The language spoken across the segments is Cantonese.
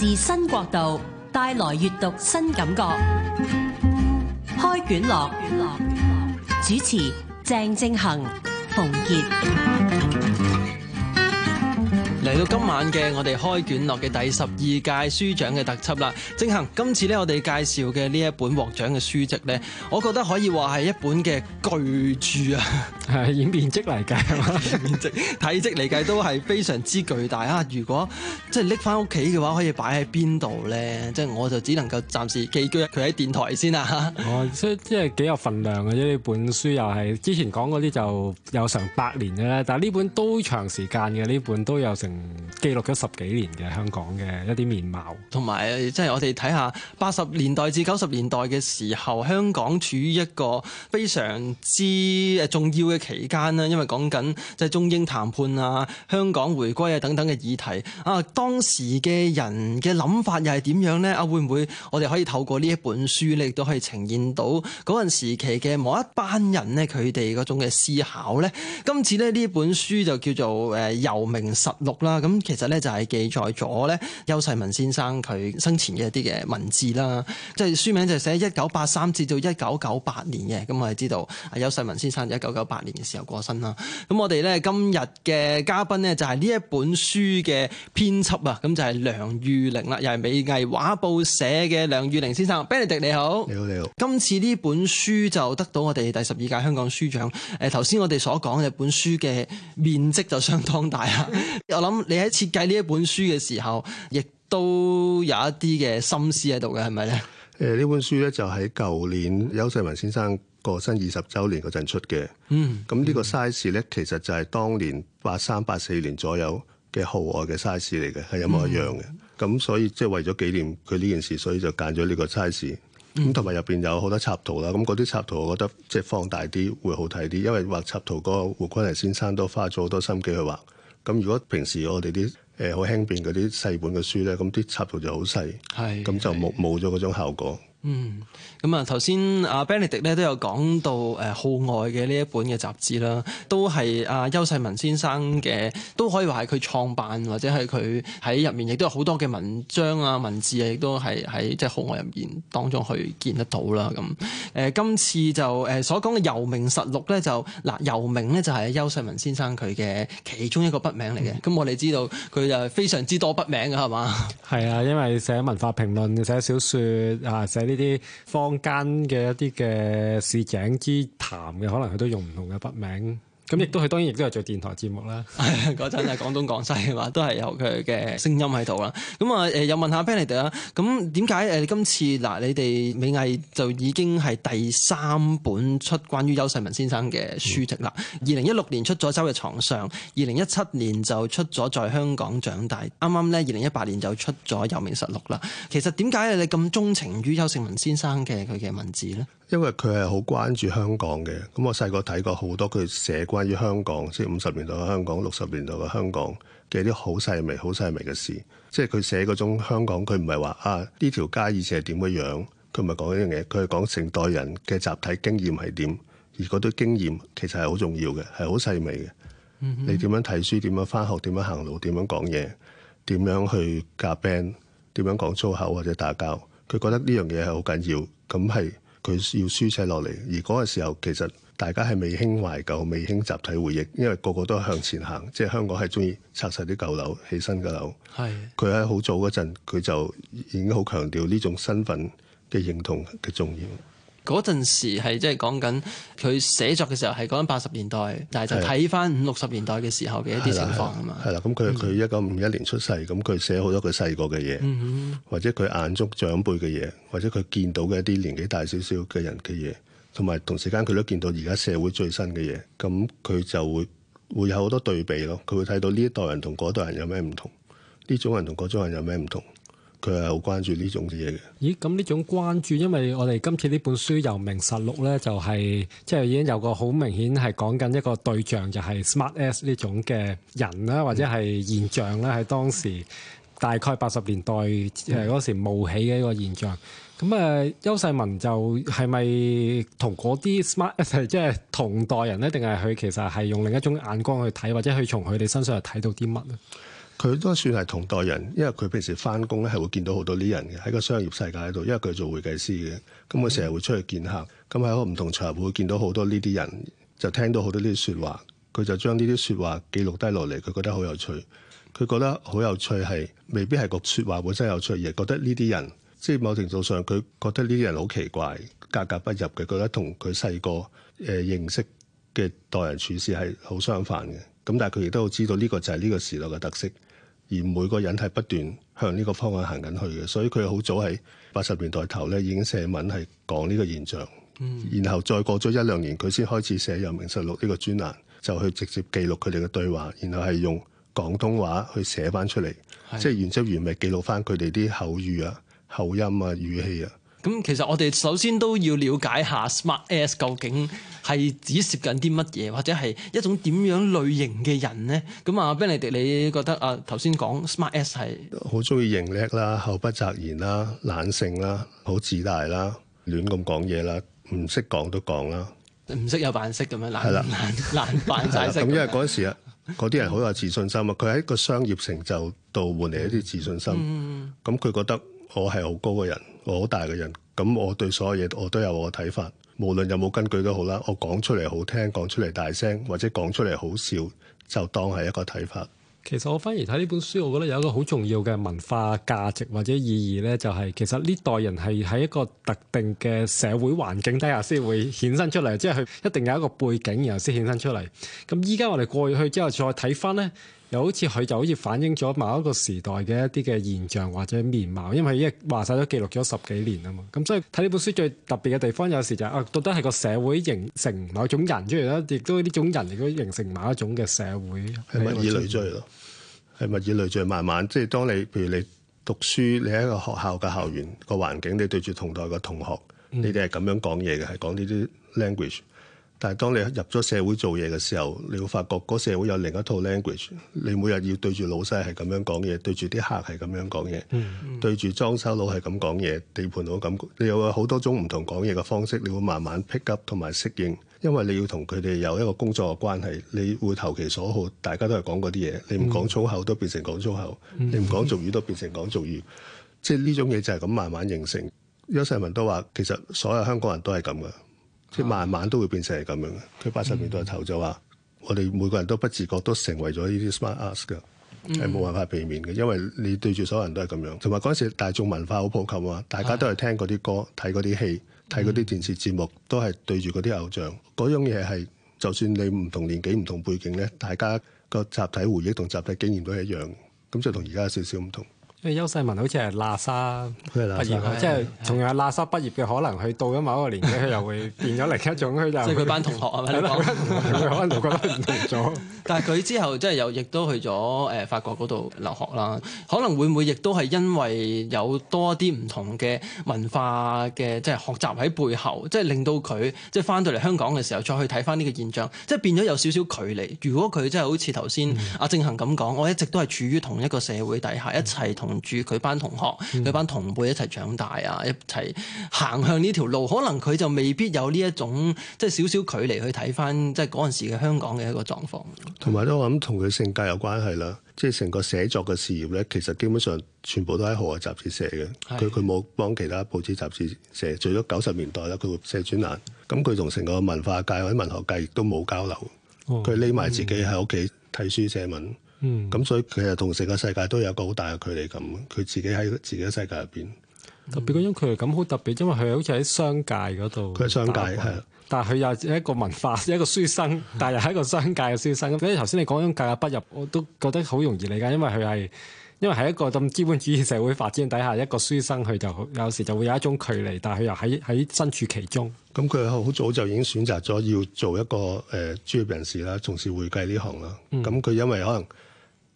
自新角度帶來閱讀新感覺，開卷樂主持鄭正恒馮傑，嚟到今晚嘅我哋開卷樂嘅第十二屆書獎嘅特輯啦。正恒，今次咧我哋介紹嘅呢一本獲獎嘅書籍咧，我覺得可以話係一本嘅巨著啊。係以面積嚟計，係面積體積嚟計都係非常之巨大啊！如果即係拎翻屋企嘅話，可以擺喺邊度咧？即係我就只能夠暫時寄居佢喺電台先啦。吓哦，所以即係即係幾有分量嘅啫！呢本書又係之前講啲就有成百年嘅啦，但係呢本都長時間嘅，呢本都有成記錄咗十幾年嘅香港嘅一啲面貌。同埋，即係我哋睇下八十年代至九十年代嘅時候，香港處於一個非常之誒重要嘅。期間呢，因為講緊即係中英談判啊、香港回歸啊等等嘅議題啊，當時嘅人嘅諗法又係點樣呢？啊，會唔會我哋可以透過呢一本書咧，亦都可以呈現到嗰陣時期嘅某一班人呢？佢哋嗰種嘅思考呢？今次呢，呢本書就叫做《誒尤明實錄》啦。咁其實呢，就係、是、記載咗呢丘世文先生佢生前嘅一啲嘅文字啦。即係書名就寫一九八三至到一九九八年嘅。咁我哋知道丘世文先生一九九八。嘅時候過身啦，咁我哋咧今日嘅嘉賓咧就係、是、呢一本書嘅編輯啊，咁就係、是、梁譽齡啦，又係美藝畫報社嘅梁譽齡先生，Benita 你，你好，你好你好，今次呢本書就得到我哋第十二屆香港書獎。誒頭先我哋所講呢本書嘅面積就相當大啊， 我諗你喺設計呢一本書嘅時候，亦都有一啲嘅心思喺度嘅，係咪咧？誒呢、呃、本書咧就喺舊年丘世文先生過嗯、個身二十週年嗰陣出嘅，咁呢個 size 咧，其實就係當年八三八四年左右嘅號外嘅 size 嚟嘅，係一模一樣嘅。咁、嗯、所以即係、就是、為咗紀念佢呢件事，所以就揀咗呢個 size。咁同埋入邊有好多插圖啦，咁嗰啲插圖我覺得即係放大啲會好睇啲，因為畫插圖嗰個胡君黎先生都花咗好多心機去畫。咁如果平時我哋啲誒好輕便嗰啲細本嘅書咧，咁啲插圖就好細，咁就冇冇咗嗰種效果。嗯，咁啊，頭先阿 Benedict 咧都有講到誒《號外》嘅呢一本嘅雜誌啦，都係阿丘世文先生嘅，都可以話係佢創辦或者係佢喺入面亦都有好多嘅文章啊、文字啊，亦都係喺即係《號外》入面當中去見得到啦。咁誒、呃，今次就誒、呃、所講嘅尤明實錄咧，就嗱尤、呃、明咧就係丘世文先生佢嘅其中一個筆名嚟嘅。咁、嗯、我哋知道佢就非常之多筆名嘅，係嘛？係啊，因為寫文化評論、寫小說啊、寫。呢啲坊間嘅一啲嘅市井之談嘅，可能佢都用唔同嘅筆名。咁亦都係當然，亦都係做電台節目啦。係啊， 嗰陣啊，講東講西啊，都係有佢嘅聲音喺度啦。咁啊，誒、呃、又問下 Benny 哋啦。咁點解誒？你今次嗱，你哋美藝就已經係第三本出關於丘世文先生嘅書籍啦。二零一六年出咗《周日床上》，二零一七年就出咗《在香港長大》。剛剛呢，啱啱咧二零一八年就出咗《尤明實錄》啦。其實點解你咁鍾情於丘世文先生嘅佢嘅文字咧？因為佢係好關注香港嘅，咁我細個睇過好多佢寫關於香港，即係五十年代嘅香港、六十年代嘅香港嘅啲好細微、好細微嘅事。即係佢寫嗰種香港，佢唔係話啊呢條街以前係點嘅樣，佢唔係講一樣嘢，佢係講成代人嘅集體經驗係點。而嗰啲經驗其實係好重要嘅，係好細微嘅。你點樣睇書？點樣返學？點樣行路？點樣講嘢？點樣去夾 band？點樣講粗口或者打交？佢覺得呢樣嘢係好緊要。咁係。佢要書寫落嚟，而嗰個時候其實大家係未興懷舊，未興集體回憶，因為個個都係向前行，即係香港係中意拆晒啲舊樓，起新嘅樓。係佢喺好早嗰陣，佢就已經好強調呢種身份嘅認同嘅重要。嗰陣時係即係講緊佢寫作嘅時候，係講緊八十年代，但係就睇返五六十年代嘅時候嘅一啲情況啊嘛。係啦，咁佢佢一九五一年出世，咁佢寫好多佢細個嘅嘢，或者佢眼中長輩嘅嘢，或者佢見到嘅一啲年紀大少少嘅人嘅嘢，同埋同時間佢都見到而家社會最新嘅嘢，咁佢就會會有好多對比咯。佢會睇到呢一代人同嗰代人有咩唔同，呢種人同嗰種人有咩唔同。佢係好關注呢種嘅嘢嘅。咦？咁呢種關注，因為我哋今次呢本書尤明實錄咧，就係即係已經有個好明顯係講緊一個對象，就係、是、smart ass 呢種嘅人啦，或者係現象啦，喺當時大概八十年代誒嗰時冒起嘅一個現象。咁啊、嗯，丘、呃、世文就係咪同嗰啲 smart ass 即係同代人咧？定係佢其實係用另一種眼光去睇，或者佢從佢哋身上睇到啲乜咧？佢都算係同代人，因為佢平時翻工咧係會見到好多呢人嘅，喺個商業世界喺度，因為佢做會計師嘅，咁佢成日會出去見客，咁喺個唔同場合會見到好多呢啲人，就聽到好多呢啲説話，佢就將呢啲説話記錄低落嚟，佢覺得好有趣，佢覺得好有趣係未必係個説話本身有趣，而覺得呢啲人即係、就是、某程度上佢覺得呢啲人好奇怪、格格不入嘅，覺得同佢細個誒認識嘅待人處事係好相反嘅，咁但係佢亦都知道呢個就係呢個時代嘅特色。而每個人係不斷向呢個方向行緊去嘅，所以佢好早喺八十年代頭咧已經寫文係講呢個現象，嗯、然後再過咗一兩年，佢先開始寫《尤明實錄》呢、這個專欄，就去直接記錄佢哋嘅對話，然後係用廣東話去寫翻出嚟，的即係原汁原味記錄翻佢哋啲口語啊、口音啊、語氣啊。咁其實我哋首先都要了解下 Smart Ass 究竟係指涉緊啲乜嘢，或者係一種點樣類型嘅人咧？咁啊，Ben 尼迪，你覺得啊頭先講 Smart Ass 係好鍾意認叻啦，口不擇言啦，懶性啦，好自大啦，亂咁講嘢啦，唔識講都講啦，唔識又扮識咁樣，懶唔懶懶扮曬識咁。因為嗰時啊，嗰啲人好有自信心啊。佢喺個商業成就度換嚟一啲自信心，咁佢覺得我係好高嘅人。我好大嘅人，咁我對所有嘢我都有我嘅睇法，無論有冇根據都好啦。我講出嚟好聽，講出嚟大聲，或者講出嚟好笑，就當係一個睇法。其實我反而睇呢本書，我覺得有一個好重要嘅文化價值或者意義咧，就是，就係其實呢代人係喺一個特定嘅社會環境底下先會衍生出嚟，即係佢一定有一個背景，然後先衍生出嚟。咁依家我哋過去之後再睇翻咧。又好似佢就好似反映咗某一個時代嘅一啲嘅現象或者面貌，因為因為話晒都記錄咗十幾年啊嘛，咁所以睇呢本書最特別嘅地方有時就係啊，覺得係個社會形成某種人，即係咧，亦都呢種人亦都形成某一種嘅社會，係物以類聚咯，係物以類聚慢慢，即係當你譬如你讀書，你喺一個學校嘅校園個環境，你對住同代嘅同學，嗯、你哋係咁樣講嘢嘅，係講呢啲 language。但係當你入咗社會做嘢嘅時候，你會發覺嗰社會有另一套 language。你每日要對住老細係咁樣講嘢，對住啲客係咁樣講嘢，嗯嗯、對住裝修佬係咁講嘢，地盤佬咁。你有好多種唔同講嘢嘅方式，你會慢慢 pick up 同埋適應，因為你要同佢哋有一個工作嘅關係，你會投其所好。大家都係講嗰啲嘢，你唔講粗口都變成講粗口，嗯、你唔講俗語都變成講俗語。嗯、即係呢種嘢就係咁慢慢形成。丘世文都話，其實所有香港人都係咁噶。即慢慢都會變成係咁樣嘅，佢八十年代頭就話，嗯、我哋每個人都不自覺都成為咗呢啲 smart ass 嘅、嗯，係冇辦法避免嘅，因為你對住所有人都係咁樣。同埋嗰陣時大眾文化好普及啊嘛，大家都係聽嗰啲歌、睇嗰啲戲、睇嗰啲電視節目，都係對住嗰啲偶像。嗰種嘢係，就算你唔同年紀、唔同背景咧，大家個集體回憶同集體經驗都係一樣。咁就同而家有少少唔同。阿丘世文好似係喇沙畢業，是即係仲有喇沙畢業嘅可能。佢到咗某一個年紀，佢是又會變咗另一種。佢就即係佢班同學啊，咪？講 可能覺得唔同咗。 但係佢之後即係又亦都去咗誒、呃、法國嗰度留學啦。可能會唔會亦都係因為有多啲唔同嘅文化嘅即係學習喺背後，即係令到佢即係翻到嚟香港嘅時候，再去睇翻呢個現象，即係變咗有少少距離。如果佢即係好似頭先阿正恒咁講，我一直都係處於同一個社會底下，一齊同住佢班同學、佢、嗯、班同輩一齊長大啊，一齊行向呢條路，可能佢就未必有呢一種即係少少距離去睇翻，即係嗰陣時嘅香港嘅一個狀況。同埋都我諗同佢性格有關係啦，即係成個寫作嘅事業咧，其實基本上全部都喺號外雜誌寫嘅。佢佢冇幫其他報紙雜誌寫。除咗九十年代咧，佢會寫專欄。咁佢同成個文化界或者文學界亦都冇交流。佢匿埋自己喺屋企睇書寫文。嗯嗯嗯，咁所以其實同成個世界都有一個好大嘅距離感，佢自己喺自己嘅世界入邊，嗯、特別嗰種距離感好特別，因為佢好似喺商界嗰度，佢係商界係，但係佢又一個文化，嗯、一個書生，但係又係一個商界嘅書生。咁頭先你講種格格不入，我都覺得好容易理解，因為佢係因為喺一個咁資本主義社會發展底下，一個書生佢就有時就會有一種距離，但係佢又喺喺身處其中。咁佢好早就已經選擇咗要做一個誒專業人士啦，從事會計呢行啦。咁佢、嗯、因為可能。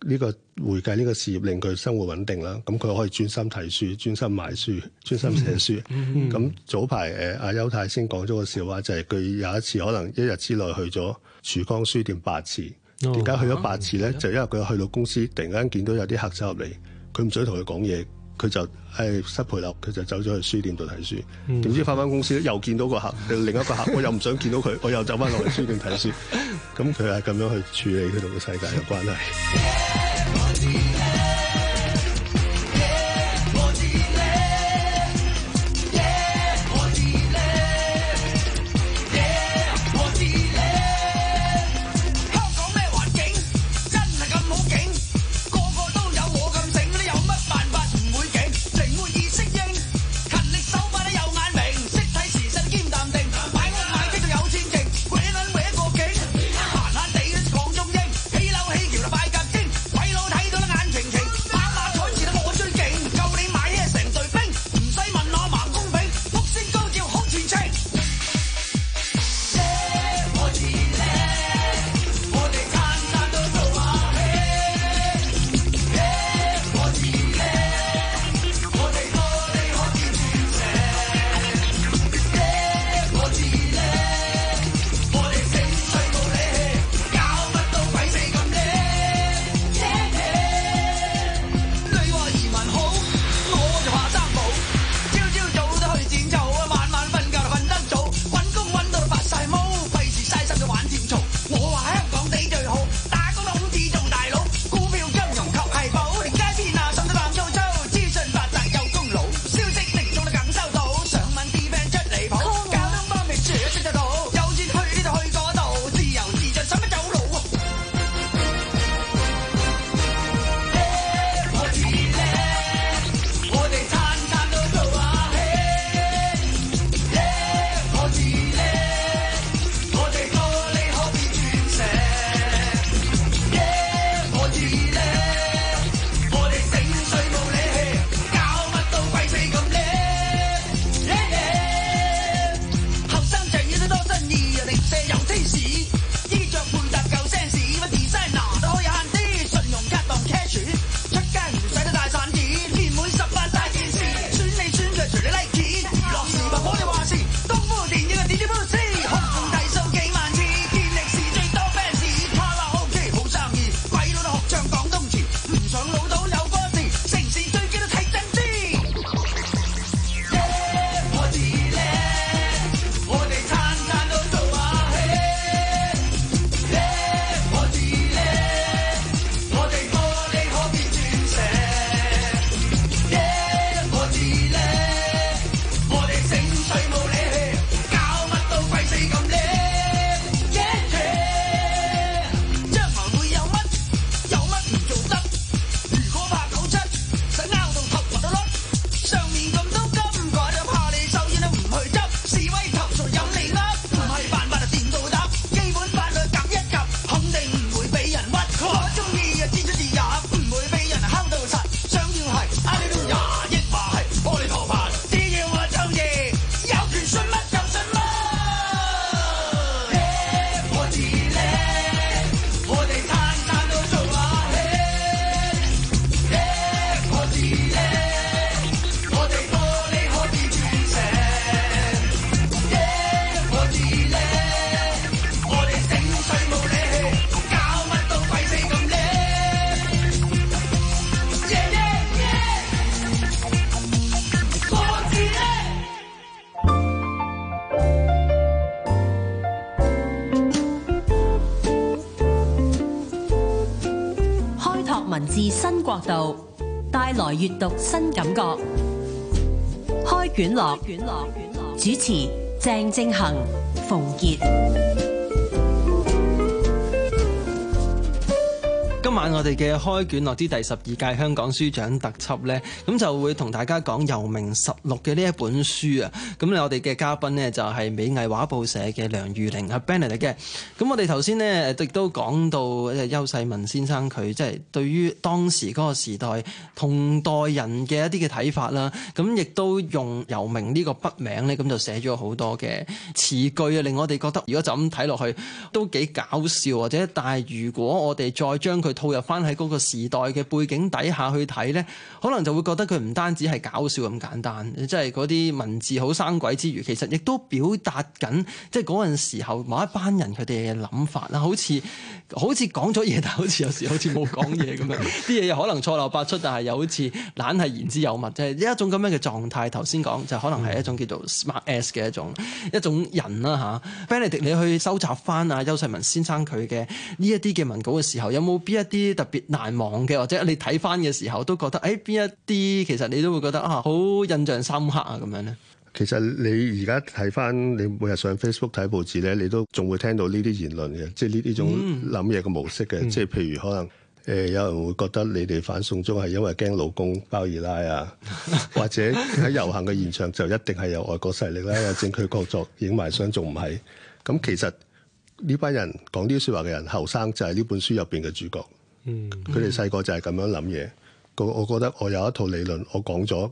呢個會計呢個事業令佢生活穩定啦，咁佢可以專心睇書、專心買書、專心寫書。咁 早排誒阿邱太先講咗個笑話，就係、是、佢有一次可能一日之內去咗曙光書店八次，點解 No, 去咗八次呢？ 就因為佢去到公司突然間見到有啲客走入嚟，佢唔想同佢講嘢。佢就係、哎、失陪立，佢就走咗去書店度睇書。點知翻翻公司咧，又見到個客， 另一個客，我又唔想見到佢，我又走翻落去書店睇書。咁佢係咁樣去處理佢同個世界嘅關係。 閱讀新感覺，開卷樂。卷樂主持鄭正恆、馮杰。我哋嘅開卷樂之第十二屆香港書獎特輯咧，咁就會同大家講《尤明實錄》嘅呢一本書啊。咁咧，我哋嘅嘉賓呢，就係、是、美藝畫報社嘅梁譽齡啊，Benny 嚟嘅。咁我哋頭先呢，亦都講到丘世文先生佢即係對於當時嗰個時代同代人嘅一啲嘅睇法啦。咁亦都用尤明呢、這個筆名咧，咁就寫咗好多嘅詞句啊，令我哋覺得如果就咁睇落去都幾搞笑，或者但係如果我哋再將佢套入翻喺個時代嘅背景底下去睇咧，可能就會覺得佢唔單止係搞笑咁簡單，即係啲文字好生鬼之餘其實亦都表達緊，即係陣時候某一班人佢哋嘅諗法啦。好似好似講咗嘢，但係好似有時好似冇講嘢咁樣，啲嘢又可能錯漏百出，但係又好似懶係言之有物，即係呢一種咁樣嘅狀態，頭先講就可能係一種叫做 smart ass 嘅一種一種人啦吓，b e n 你去收集翻啊，邱世文先生佢嘅呢一啲嘅文稿嘅時候，有冇邊一啲？啲特別難忘嘅，或者你睇翻嘅時候都覺得，誒、哎，邊一啲其實你都會覺得啊，好印象深刻啊，咁樣咧。其實你而家睇翻你每日上 Facebook 睇報紙咧，你都仲會聽到呢啲言論嘅，即係呢呢種諗嘢嘅模式嘅。嗯、即係譬如可能誒、呃，有人會覺得你哋反送中係因為驚老公包二奶啊， 或者喺遊行嘅現場就一定係有外國勢力啦、啊，有政區角逐證據確鑿影埋相，仲唔係？咁、嗯嗯、其實呢班人講呢啲說話嘅人，後生就係呢本書入邊嘅主角。嗯，佢哋細個就係咁樣諗嘢，我我覺得我有一套理論，我講咗，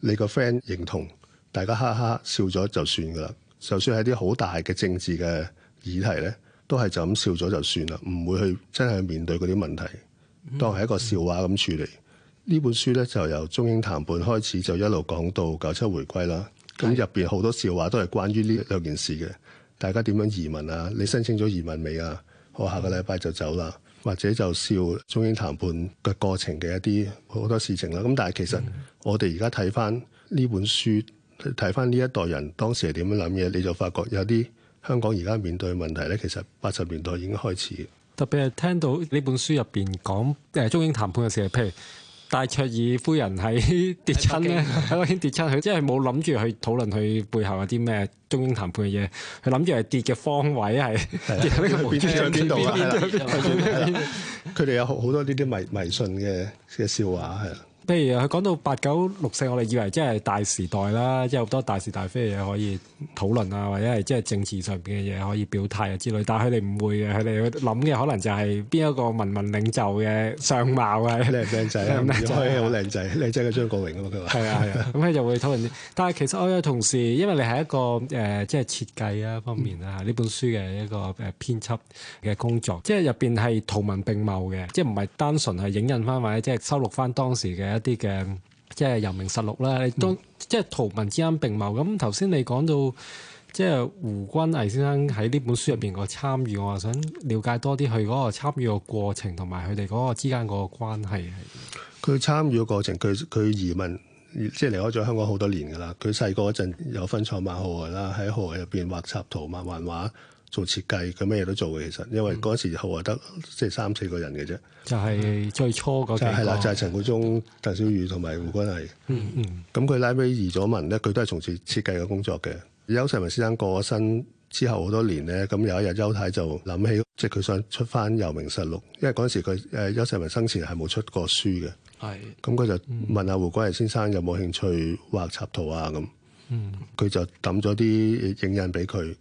你個 friend 認同，大家哈哈笑咗就算噶啦，就算係啲好大嘅政治嘅議題咧，都係就咁笑咗就算啦，唔會去真係去面對嗰啲問題，當係一個笑話咁處理。嗯嗯、呢本書咧就由中英談判開始，就一路講到九七回歸啦。咁入邊好多笑話都係關於呢兩件事嘅，大家點樣移民啊？你申請咗移民未啊？我下個禮拜就走啦。或者就笑中英談判嘅過程嘅一啲好多事情啦，咁但係其實我哋而家睇翻呢本書，睇翻呢一代人當時係點樣諗嘢，你就發覺有啲香港而家面對嘅問題咧，其實八十年代已經開始。特別係聽到呢本書入邊講誒中英談判嘅時係，譬如。戴卓爾夫人喺跌親咧，喺嗰邊跌親，佢即係冇諗住去討論佢背後有啲咩中英談判嘅嘢，佢諗住係跌嘅方位係跌喺邊度啊？佢哋有好多呢啲迷迷信嘅嘅笑話係。譬如佢講到八九六四，我哋以為即係大時代啦，即係好多大是大非嘅嘢可以討論啊，或者係即係政治上邊嘅嘢可以表態之類，但係佢哋唔會嘅，佢哋諗嘅可能就係邊一個民運領袖嘅相貌啊，靚唔靚仔啊？可以好靚仔，靚仔嘅張國榮啊嘛，佢話係啊係啊，咁佢、啊、 就會討論。但係其實我有同事，因為你係一個誒、呃，即係設計啊方面啊。呢、嗯、本書嘅一個誒編輯嘅工作，即係入邊係圖文並茂嘅，即係唔係單純係影印翻或者即係收錄翻當時嘅。一啲嘅即係尤明實錄啦，你都，嗯、即係圖文之間並茂。咁頭先你講到即係胡君毅先生喺呢本書入邊個參與，我想了解多啲佢嗰個參與個過程，同埋佢哋嗰個之間嗰個關係。佢參與個過程，佢佢移民即係離開咗香港好多年噶啦。佢細個嗰陣有分創辦號外噶啦，喺號外入邊畫插圖，圖、漫、漫畫。做設計，佢咩嘢都做嘅。其實，因為嗰陣時後啊得即係三四個人嘅啫。就係最初嗰幾個。就係啦，就係陳冠中、鄧小宇同埋胡君毅、嗯。嗯嗯。咁佢拉尾移咗文咧，佢都係從事設計嘅工作嘅。丘世文先生過咗身之後好多年咧，咁有一日丘太就諗起，即係佢想出翻《尤明實錄》，因為嗰陣時佢誒丘世文生前係冇出過書嘅。係、嗯。咁、嗯、佢就問下胡君毅先生有冇興趣畫插圖啊？咁。嗯。佢就揼咗啲影印俾佢。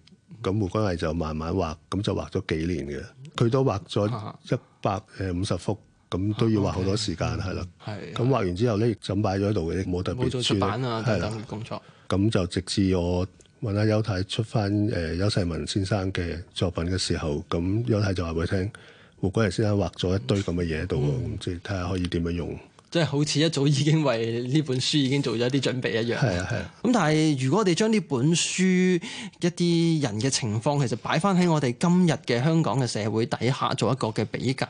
咁胡君毅就慢慢畫，咁就畫咗幾年嘅，佢都畫咗一百誒五十幅，咁都要畫好多時間係啦。係。咁畫完之後咧亦就擺咗喺度嘅，冇特別。冇再出版啊，等等工作。咁就直至我揾阿邱太出翻誒邱世文先生嘅作品嘅時候，咁邱太就話俾佢聽胡君毅先生畫咗一堆咁嘅嘢喺度，咁即係睇下可以點樣用。即係好似一早已經為呢本書已經做咗一啲準備一樣。係啊，係。咁但係如果我哋將呢本書一啲人嘅情況，其實擺翻喺我哋今日嘅香港嘅社會底下做一個嘅比較，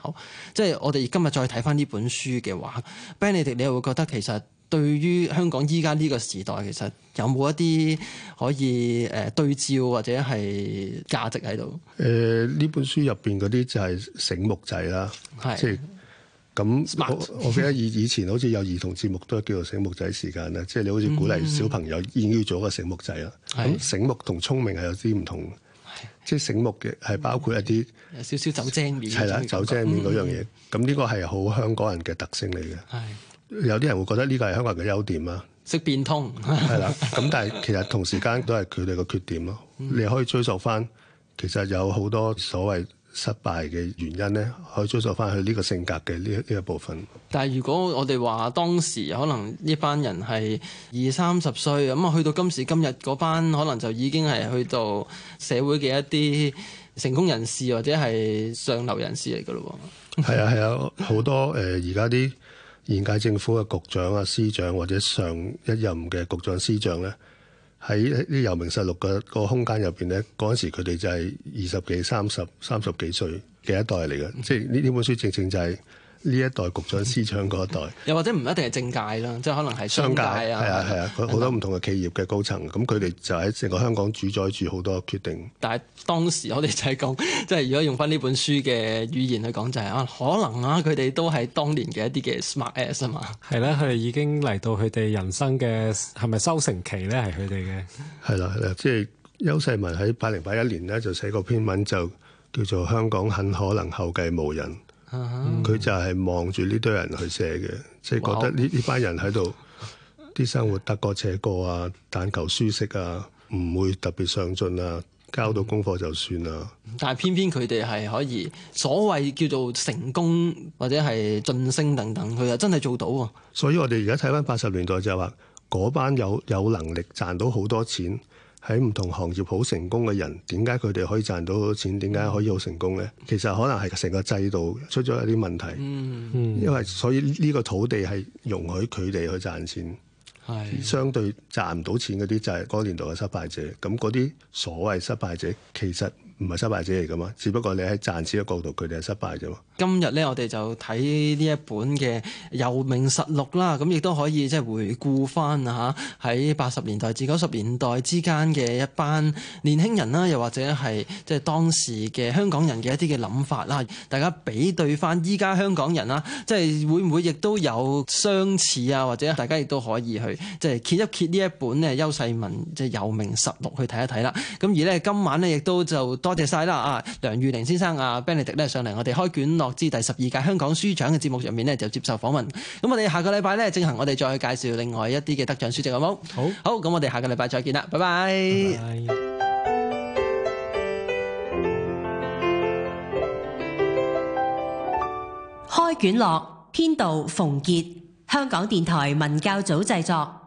即係我哋今日再睇翻呢本書嘅話，Ben，你哋你又會覺得其實對於香港依家呢個時代，其實有冇一啲可以誒對照或者係價值喺度？誒，呢本書入邊嗰啲就係醒目仔啦，係。即係咁我我記得以以前好似有兒童節目都係叫做醒目仔時間啦，即係你好似鼓勵小朋友要要做個醒目仔啦。咁醒目同聰明係有啲唔同，即係醒目嘅係包括一啲少少走精面，係啦，走精面嗰樣嘢。咁呢個係好香港人嘅特性嚟嘅。有啲人會覺得呢個係香港人嘅優點啊，識變通係啦。咁但係其實同時間都係佢哋嘅缺點咯。你可以追溯翻，其實有好多所謂失敗嘅原因呢，可以追溯翻去呢個性格嘅呢呢一部分。但係如果我哋話當時可能呢班人係二三十歲，咁啊去到今時今日嗰班可能就已經係去到社會嘅一啲成功人士或者係上流人士嚟㗎咯。係啊係啊，好多誒而家啲現屆政府嘅局長啊、司長或者上一任嘅局長司長呢。喺呢啲尤明實錄嘅個空間入邊咧，嗰陣時佢哋就係二十幾、三十、三十幾歲嘅一代嚟嘅，即係呢呢本書正正就係、是。呢一代局長司長嗰一代，又或者唔一定係政界啦，即係可能係商界，商界啊，係啊係啊，好吧多唔同嘅企業嘅高層，咁佢哋就喺成個香港主宰住好多決定。但係當時我哋就係講，即係如果用翻呢本書嘅語言去講、就是，就係啊，可能啊，佢哋都係當年嘅一啲嘅 smart ass 嘛。係啦、啊，佢哋已經嚟到佢哋人生嘅係咪收成期咧？係佢哋嘅。係啦係啦，即係丘世文喺八零八一年咧就寫過篇文，就叫做《香港很可能後繼無人》。佢、uh huh. 就係望住呢堆人去寫嘅，即係覺得呢呢 Wow. 班人喺度啲生活得過且過啊，但求舒適啊，唔會特別上進啊，交到功課就算啦，啊。但係偏偏佢哋係可以所謂叫做成功或者係晉升等等，佢又真係做到，啊。所以我哋而家睇翻八十年代就係話嗰班有有能力賺到好多錢。喺唔同行業好成功嘅人，點解佢哋可以賺到好多錢？點解可以好成功呢？其實可能係成個制度出咗一啲問題。嗯，嗯，因為所以呢個土地係容許佢哋去賺錢，是相對賺唔到錢嗰啲就係嗰年度嘅失敗者。咁嗰啲所謂失敗者，其實，唔係失敗者嚟噶嘛？只不過你喺賺錢嘅角度，佢哋係失敗啫。今日呢，我哋就睇呢一本嘅《遊名實錄》啦，咁亦都可以即係回顧翻嚇喺八十年代至九十年代之間嘅一班年輕人啦，又或者係即係當時嘅香港人嘅一啲嘅諗法啦。大家比對翻依家香港人啦，即係會唔會亦都有相似啊？或者大家亦都可以去即係揭一揭呢一本咧《邱世文即係遊名實錄去看看》去睇一睇啦。咁而呢，今晚呢亦都就。多謝晒啦，啊梁譽齡先生啊 Benedict 咧，上嚟我哋開卷樂之第十二屆香港書獎嘅節目入面咧，就接受訪問。咁我哋下個禮拜咧正行，我哋再去介紹另外一啲嘅得獎書籍好唔好？好好，咁我哋下個禮拜再見啦，拜拜。拜拜。開卷樂編導馮傑，香港電台文教組製作。